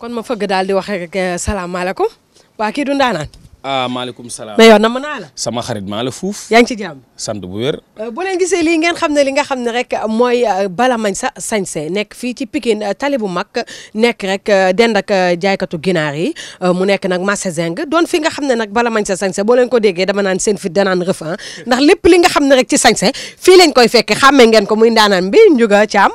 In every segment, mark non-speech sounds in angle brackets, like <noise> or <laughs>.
kon ma fëgg daal di wax rek eh, salaamaaleykum waa kii du ndaanaan. Ah, salaam. mais yow namm naa la. sama xarit maa la fuuf. yaa ngi ci bu wér. Eh, bu leen gisee lii ngeen xam ne li nga xam ne rek mooy eh, Bala Mansa Sañse nekk fii ci pikin tali bu mag nekk rek dend ak jaaykatu ginaar yi mu nekk nag marché Zing doon fi nga xam ne nag Bala Mansa Sañse boo leen ko déggee dama naan seen fit danaan rëf ah. ndax lépp li nga xam ne rek ci sañse fii lañ koy fekke xàmmee ngeen ko muy ndaanaan bi Ndiouga Thiam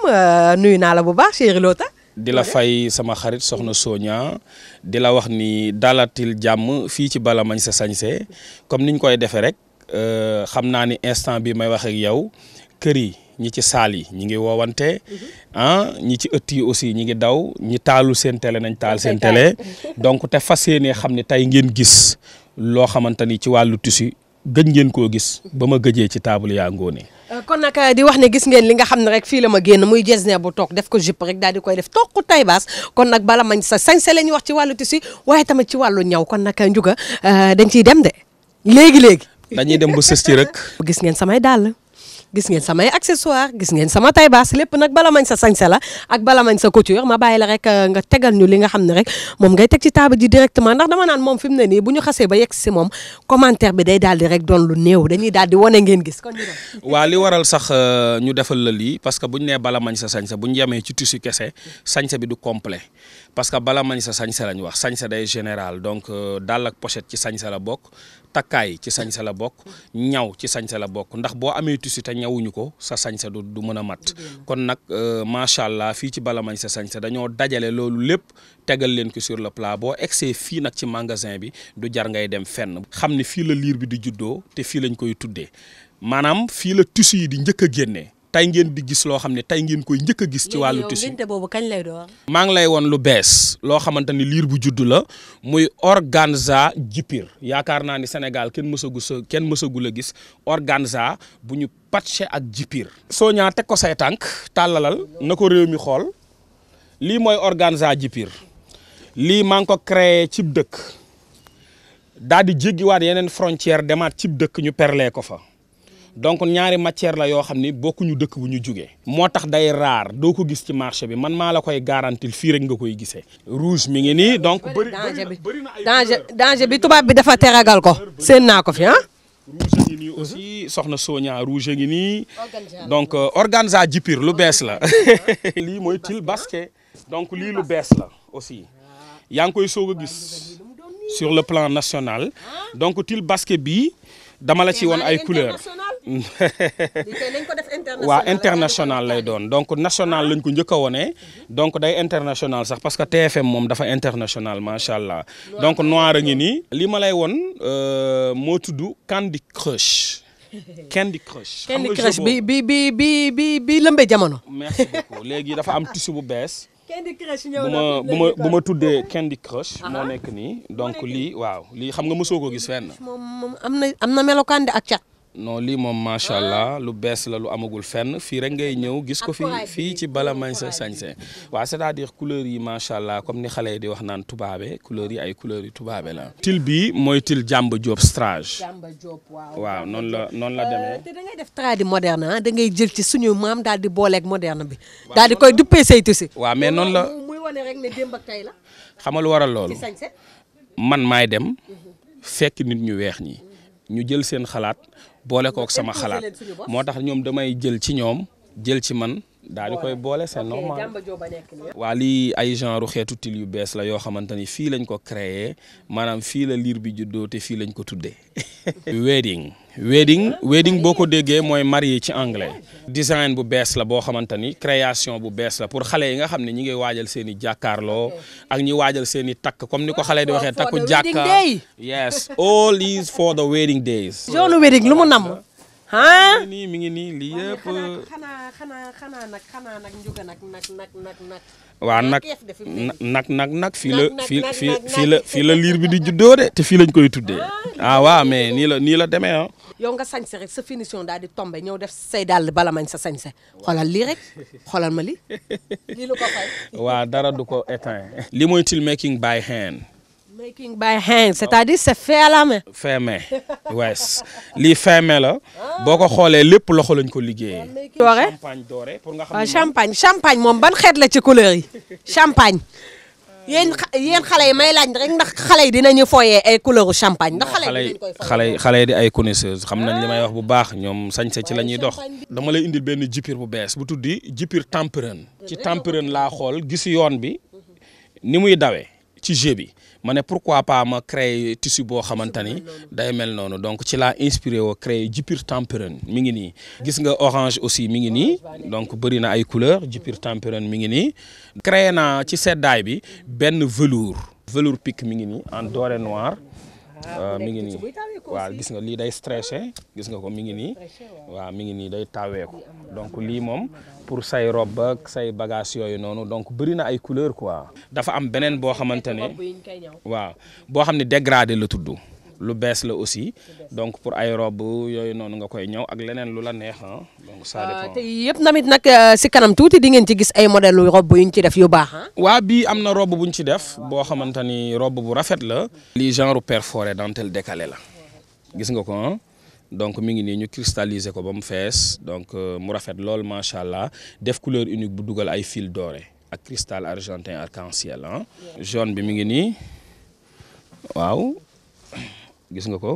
nuyu naa la bu baax chéri Lota. di la fay sama xarit soxna Sonia di la wax ni dalatil jàmm fii ci bala mañ sa se comme niñ koy defee rek euh, xam naa ni instant bi may waxeeg ak yow kër yi ñi ci saal yi ñi ngi woowante mhm. ah ñi ci ëtt yi aussi ñi ngi daw ñi taalu seen télé nañ taal seen télé <laughs> donc te fas yéenee xam ne tey ngeen gis loo xamante ni ci wàllu tissu gëj ngeen koo gis ba ma gëjee ci table yaa ngoone Euh, kon nag euh, di wax ne gis ngeen li nga xam ne rek fii la ma génn muy jesner bu toog def ko jupp rek daal di koy def toog tay baas kon nag bala mañ sa sañse la ñuy wax ci wàllu tissu waaye tamit ci wàllu ñaw kon nag euh, njuga dañ ciy dem de léegi léegi. dañuy dem bu sës ci rek. gis ngeen samay dàll. gis ngeen samay accessoire gis ngeen sama taille lépp nag bala mañ sa sañse la ak bala mañ sa couture ma bàyyi la rek euh, nga tegal ñu li nga xam ne rek moom ngay teg ci table ji directement ndax dama naan moom fi ne nii bu ñu xasee ba yegg si moom commentaire bi day daal di rek doon lu néew dañuy daal di wane ngeen gis kon waaw li waral sax euh, ñu defal la lii parce que buñ nee bala mañ sa sañse buñ yemee ci tissu kese sañse bi du complet parce que bala mañ sa sañse lañ wax sañ sa day général donc euh, dàll ak pochette ci sañse la bokk takkaay ci sañse la bokk la bokk ndax boo amee ñawuñu ko sa sañse du du mën a mat kon nag euh, macha allah fii ci bala mañ sa sañse dañoo dajale loolu lépp tegal leen ko sur le plat boo egsee fii nag ci magasin bi du jar ngay dem fenn xam ni fii la liir bi di juddoo te fii lañ koy tuddee maanaam fii la tissu yi di njëkk a génnee tey ngeen di gis loo xam ne tey ngeen koy njëkk a gis. ci wàllu tissu ngénte boobu kañ lay doon. maa ngi lay woon lu bees loo xamante ni liir bu juddu la muy organza jipir yaakaar naa ni Sénégal kenn mësagu sa kenn mësagu la gis organza bu ñu patché ak jipir. soo ñaa teg ko say tànk tàllalal na ko réew mi xool lii mooy organza jipir lii maa ngi ko créé cib dëkk daal di jéggiwaat yeneen frontière demaat cib dëkk ñu perlee ko fa. donc ñaari matière la yoo xam ni bokkuñu dëkk bu ñu jugee moo tax day raar doo ko gis ci marché bi man maa la koy garantil fii rek nga koy gisee rouge mi ngi nii donc bëri danger danger bi tubaab bi dafa teragal ko seen naa ko fi ah rouge ngi nii aussi mhm. soxna Sonia nii donc euh, organza jipir lu bees la <laughs> lii mooy til basket donc lii lu bees la aussi yaa ngi koy soog a gis sur le plan national ah. donc til basket bi dama la ci won ay couleur waaw international lay doon donc national ah. lañ ko njëkk a wone donc day international sax parce que TFM moom dafa international macha allah donc noir a ngi nii lii ma lay won euh, moo tudd Candy Crush <laughs> Candy Crush. Candy Crush bi bi bi bi bi bi lëmbee jamono. merci léegi dafa am tissu bu bees. Candy bu ma bu ma tuddee Candy Crush. Ah. moo nekk nii donc lii waaw lii xam nga mosoo ko gis fenn. am na am na ak cat. non lii moom macha allah ah. lu bees la amagul fenn fii rek ngay ñëw gis ko fi fii ci bala mañ sa sañse waaw c'est-à-dire yi macha allah comme ni xale di wax naan tubaabe couleur yi ay couleur yi tubaabe la. til bi mooy til Jàmba Jóob strage. Jàmba Jóob waaw noonu la noonu la euh, demee. te da moderne ah da ngay jël ci suñu maam daal di booleek moderne bi. daal di koy duppee saytu si. waaw mais noonu la muy wane rek ne démb xamal waral loolu man maay dem mhm. fekk nit ñu weex ñi ñu jël seen xalaat. boole kook sama xalaat moo tax ñoom damay jël ci ñoom jël ci man daal koy boole c'est normal waali ay genre xeetu til yu bees la yoo xamante ni fii lañ ko créer maanaam fii la liir bi juddoo te fii lañ ko tuddee <laughs> wedding wedding wedding boo ko déggee mooy marié ci anglais design bu bees la boo xamante ni création bu bees la pour xale yi nga xam ne ñi ngi waajal seeni i jàkkaarloo ak ñi waajal seeni i takk comme ni ko xale di waxee takku jàkka yes all is for the wedding lu mu nam ah nii mi ngi nii lii nag xanaa nag njuga nag waaw nag nag nag nag fii la fii fii la fii la liir bi di juddoo de te fii lañ koy tuddee ah, ah waaw mais nii la nii la demee ah. yow nga sañse rek sa finition daal di tombe ñëw def say dàll bala mañ sa sañse xoolal lii rek xoolal ma lii <laughs> lu dara du ko éteint li mooy til making by hand making by hand c'est-à-dire c'est fait à lii fait main la boo ko xoolee lépp loxo lañ ko liggéey doore champagne champagne champagne moom ban xeet la ci couleur champagne yéen yéen xale yi may laaj rek ndax xale yi dinañu fooyee ay couleur champagne ndax xale yi xale yi yi di ay connaisseurs xam nañ li may wax bu ah. baax ñoom sañse ci la ñuy dox. dama lay indil benn jippir bu bees bu tuddi jipir tempérane ci tempérane laa xool gis yoon bi ni muy dawee ci jeu bi ma ne pourquoi pas ma créer tissu boo xamante ni day mel noonu donc ci la inspiré woo créer jipir tempérane mi ngi nii gis nga orange aussi mi ngi nii donc bëri na ay couleur jipir tempérane mi ngi nii créé naa ci seddaay bi benn velours velours pick mi ngi nii en doré noir Ah, ah, mi ngi nii waaw gis nga lii day stressé gis nga ko mi ngi nii waaw mi ngi nii day taweeku donc lii moom pour say robe ak say bagage yooyu noonu donc bëri na ay couleur quoi dafa am beneen boo xamante ne waaw boo xam ne dégradé la tudd lu bees la aussi donc pour ay robe yooyu noonu nga koy ñëw ak leneen lu la neex ah donc yëpp tamit nag euh, si kanam tuuti di ngeen ci gis ay modèle robe yu ñu ci def yu baax waa bii am na robe bu ñu ci def boo xamante ni robe bu rafet la li genre perforé dentelle décalé la gis nga ko donc mi ngi nii ñu cristalliser ko ba mu fees donc euh, mu rafet lool macha allah def couleur unique bu dugal ay fil doore ak cristal argentin arc-en-ciel bi mi ngi nii gis nga ko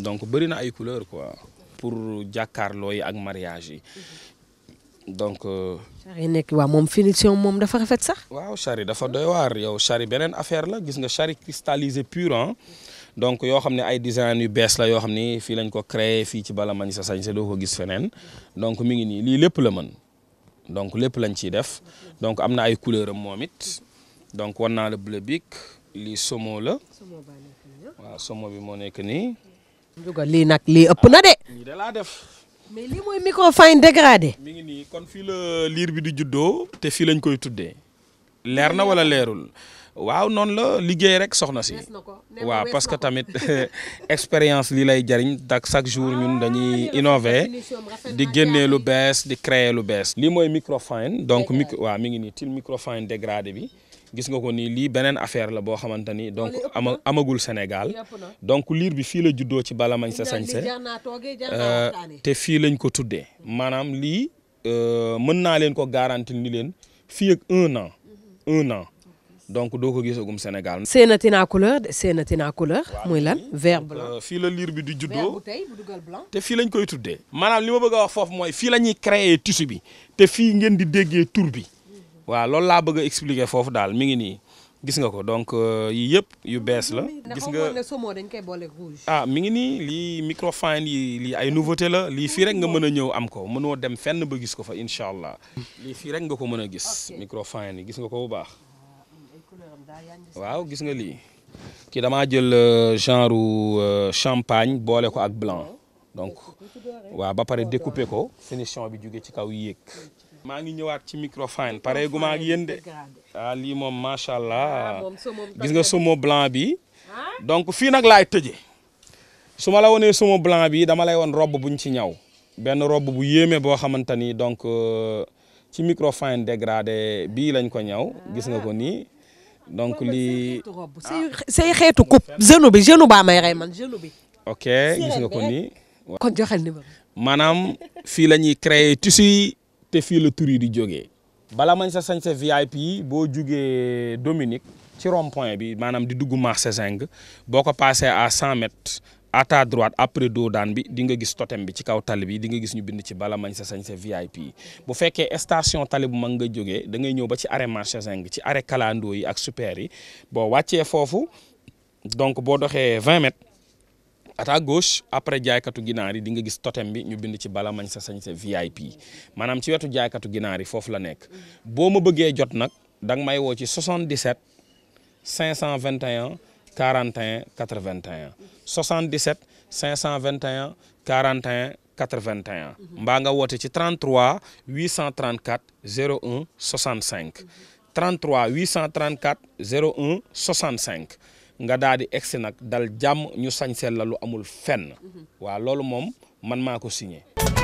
donc bëri na ay couleur quoi pour jàkkaarloo yi ak mariage yi mhm. donc. Euh, char yi nekk waaw moom finition moom dafa rafet sax. waaw chari dafa doy waar yow chari beneen affaire la gis nga chari cristallisé pur ah donc yoo xam ne ay design yu bees la yoo xam ni fii lañ ko créé fii ci bala mani sa sañ sa doo ko gis feneen donc mi ngi nii lii lépp la man donc lépp lañ ci def donc am na ay couleur am moom donc wan la bleu bic lii somo la. waaw somo bi moo nekk nii. Ndiouga lii nag lii ëpp na de. lii def. mais lii mooy microfine dégradé. mi ngi nii kon fii la liir bi di juddoo te fii lañ koy tuddee. leer na wala leerul. waaw noonu la liggéey rek soxna si waaw parce que tamit <laughs> expérience li lay jariñ dak chaque jour ah, ñun dañuy innover di génnee lu bees di créer lu bees lii mooy microfine donc micro waaw mi ngi nii til microfine dégradé bi gis nga ko ni lii beneen affaire la boo xamante ni donc ama amagul Sénégal donc liir bi fii la juddoo ci bala mañ sa sañse euh, te fii lañ ko tuddee maanaam lii euh, mën naa leen ko garanti ni leen fii ak un an mhm. donc doo ko gisagum Sénégal. seenati naa couleur seenati naa couleur. muy lan vert blanc. Euh, fii la liir bi di juddoo te fii lañ koy tuddee. maanaam li ma bëgg a wax foofu mooy fii la ñuy créer tissu bi te fii ngeen di déggee tur bi. waaw loolu laa bëgg a expliquer foofu daal mi ngi nii gis nga ko donc euh, yëpp yu bees la. gis nga dañ koy boole rouge. Ah, mi ngi nii lii microfine yi lii ay nouveauté la lii fii rek nga mën a ñëw am ko mënoo dem fenn ba gis ko fa incha allah. lii fii rek nga ko mën a gis. microfine yi gis nga ko bu baax. waaw gis nga lii ki damaa jël euh, genre euh, champagne boole ko ak blanc donc waaw ba pare découper ko finition bi jóge ci kaw yéeg. maa ngi ñëwaat ci microfine pareegu maa ngi yéen de ah lii moom macha allah ah, gis nga somo blanc bi ah? donc fii nag laay tëje su ma la wonee somo blanc bi dama lay won bu buñ ci ñaw benn robb bu yéeme boo xamante ni donc euh, ci microfine dégradé bii lañ ko ñaw gis nga ko nii. donc lii. say ah. xeetu coupe genou bi genou baa may rey man genou ok gis nga ko nii. kon joxel ni ma. maanaam fii la ñuy créer tissu te fii la tur di joge bala mañ sa sañse VIP boo jugee Dominique ci rond bi maanaam di dugg marché Zing boo ko passé à 100 mètres à ta droite après doodaan bi di nga gis totem bi ci kaw tali bi di nga gis ñu bind ci bala mañ sa sañ sa VIP bu fekkee station tali bu mag nga jógee da ngay ñëw ba ci arrêt marché zeng ci arrêt kalandoo yi ak super yi boo wàccee foofu donc boo doxee 20 mètres gauche après jaaykatu ginaar yi di nga gis totem bi ñu bind ci bala mañ sa sañ sa VIP maanaam ci wetu jaaykatu ginaar yi foofu la nekk boo ma bëggee jot nag da may woo ci 77 521. 41 81 77 521 41 81 mbaa nga woote ci 33 834 01 65 33 834 01 65 nga daal di egsi nag dal jàmm ñu sañseel la lu amul fenn mhm. waaw loolu moom man maa ko signé